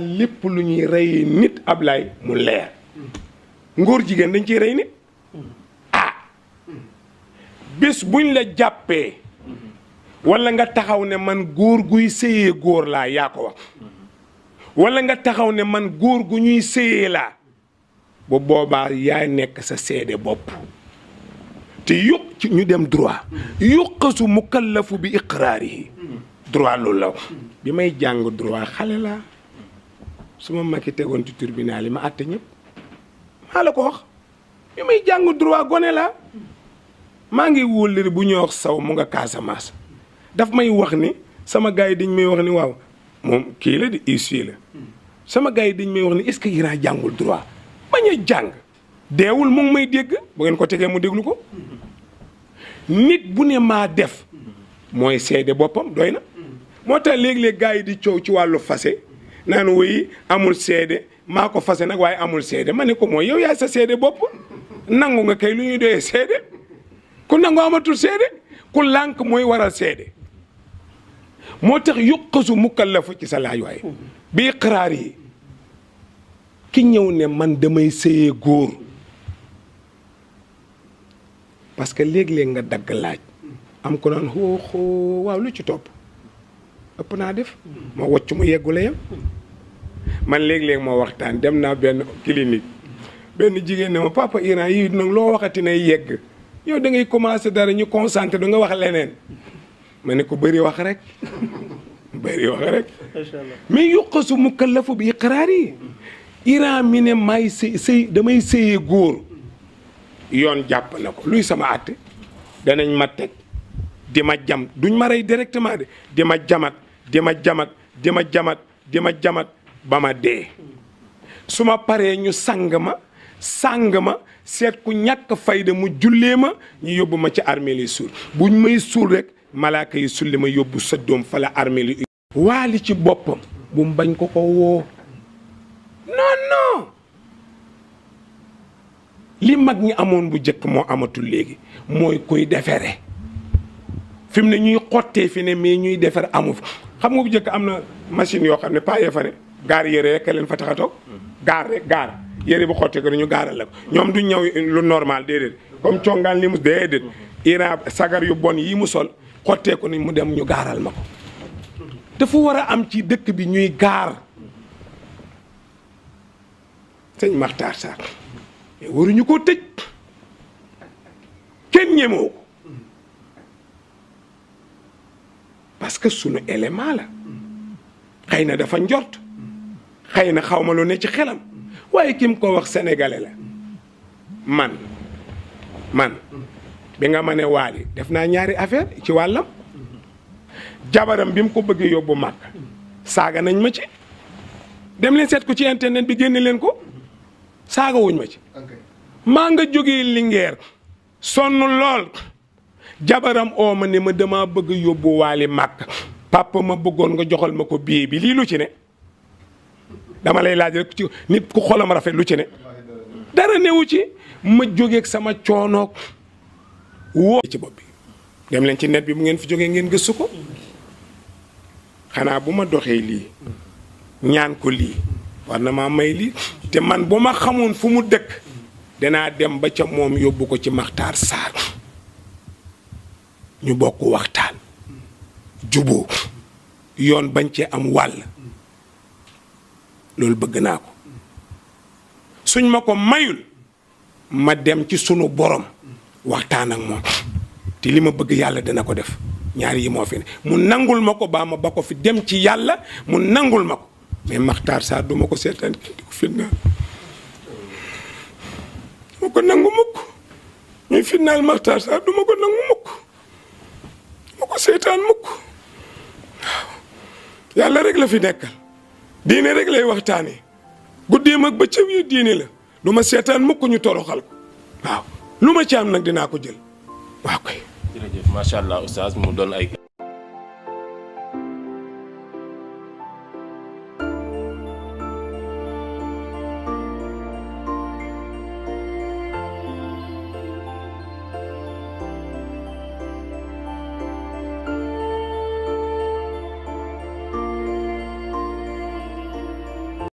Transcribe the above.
lépp lu ñuy rey nit Ablaye mu leer ngóor jigéen dañ ci rey nit ah bés buñ la jàppee wala nga taxaw ne man góor guy séyee góor laa yaa ko wala nga taxaw ne man góor gu ñuy séyee laa bu boobaa yaa nekk sa seede bopp te yokk ci ñu dem droit yokkasu mukallafu bi iqraarihi droit loolu la bi may jàng droit xale laa su ma Macky tegoon ci tribunal yi ma àtte ñëpp maa la ko wax bi may jàng droit gone la maa ngi wóllëri bu ñuy wax saw mu nga Casamance daf may wax ni sama gars yi dañ may wax ni waaw moom kii la di la sama gars dañ may wax ni est-ce que Iran jàngul droit bañ a jàng deewul mu ngi may dégg bu ngeen ko tegee mu déglu ko nit bu ne maa def mooy seede boppam doy na moo tax léeg-léeg gars yi di coow ci wàllu fase naan wuy amul seede maa ko fase nag waaye amul seede ma ne ko mooy yow yaay sa seede bopp nangu nga kay lu ñuy doyee seede ku nangu amatul seede ku lànk mooy waral seede moo tax yuqasu mukallafu ci sa laaj waaye bii xaraar yi ki ñëw ne man demay sëyee góor parce que léeg nga dagg laaj am ko naan xooxoo waaw lu ci topp ëpp naa def moo wocc mu yeggule yam man léeg-léeg moo waxtaan dem naa benn clinique benn jigéen ne ma papa Iran yi nag loo waxati nay yegg yow da ngay commencé dara ñu concentré du nga wax leneen ma ne ko bari wax rek bëri wax rek mais yuqasu mu kallafu bi iqraar yi Iran mi ne may sëy sëy damay sëyee góor yoon jàpp na ko luy sama àtte danañ ma teg di ma jam duñ ma rey directement de di ma jamat di ma jamat di ma jamat di ma jamat ba ma dee su ma paree ñu sang ma sang ma seet ku ñàkk fayda mu jullee ma ñu yóbbu ma ci armée li suul may suul rek malaaka yi sulli ma yóbbu sa doom fa la armée li waali ci boppam bu mu bañ ko ko woo non li mag ñi amoon bu jëkk moo amatul léegi mooy koy defere fi ne ñuy xottee fi ne mais ñuy defar amu xam nga bu njëkk am na machine yoo xam ne pas yee fa ne gaar yére rek leen fa tax gaar rek gaar yére bu xottee ko ñu gaaral la ko ñoom du ñëw lu normal déedéet comme congaan li mu déedéet ira sagar yu bon yii mu sol xottee ko ni mu dem ñu gaaral ma ko dafa war a am ci dëkk bi ñuy gaar sëñ Maxtaar Sarr waruñu ko tëj kenn ñemoo parce que sunu élément la xëy na dafa njort xëy na xaw ma lu ne ci xelam waaye ki mu ko wax sénégalais la man man bi nga ma ne waali def naa ñaari affaire ci wàllam jabaram bi mu ko bëggee yóbbu màkk saaga nañ ma ci dem leen seet ko ci internet bi génne leen ko saaga wuñ ma ci maa nga jógee Linguère sonn lool jabaram oo ma ne ma dama bëgg yóbbu waali màkk papa ma bëggoon nga joxal ma ko billet bi lii lu ci ne dama lay laaj rek ci nit ku xolam rafet lu ci ne dara newu ci ma jógeeg sama coonook woo ci bopp bi dem leen ci net bi mu ngeen fi jógee ngeen gësu ko xanaa bu ma doxee lii ñaan ko lii war na maa may lii te man bu ma xamoon fu mu dëkk danaa dem ba ca moom yóbbu ko ci Maxtaar Sarr ñu bokk waxtaan juboo yoon bañ cee am wàll loolu bëgg naa ko suñ ma ko mayul ma dem ci sunu borom waxtaan ak moom te li ma bëgg yàlla dina ko def ñaar yi moo fi ne mu nangul ma ko baa ma ba ko fi dem ci yàlla mu nangul ma ko mais maxtaar saa duma ko seetaan kii di ko fitnaal duma ko nangu mukk ñuy fitnaal maxtaar saa duma ko nangu mukk seytaan mukk yàlla rek la fi nekkal diine rek lay waxtaane waxtaanee guddeem ak bëccëg yi diine la du ma seetaan mukk ñu toroxal ko waaw lu ma ci am nag dinaa ko jël waaw kay. allah oustaz mu doon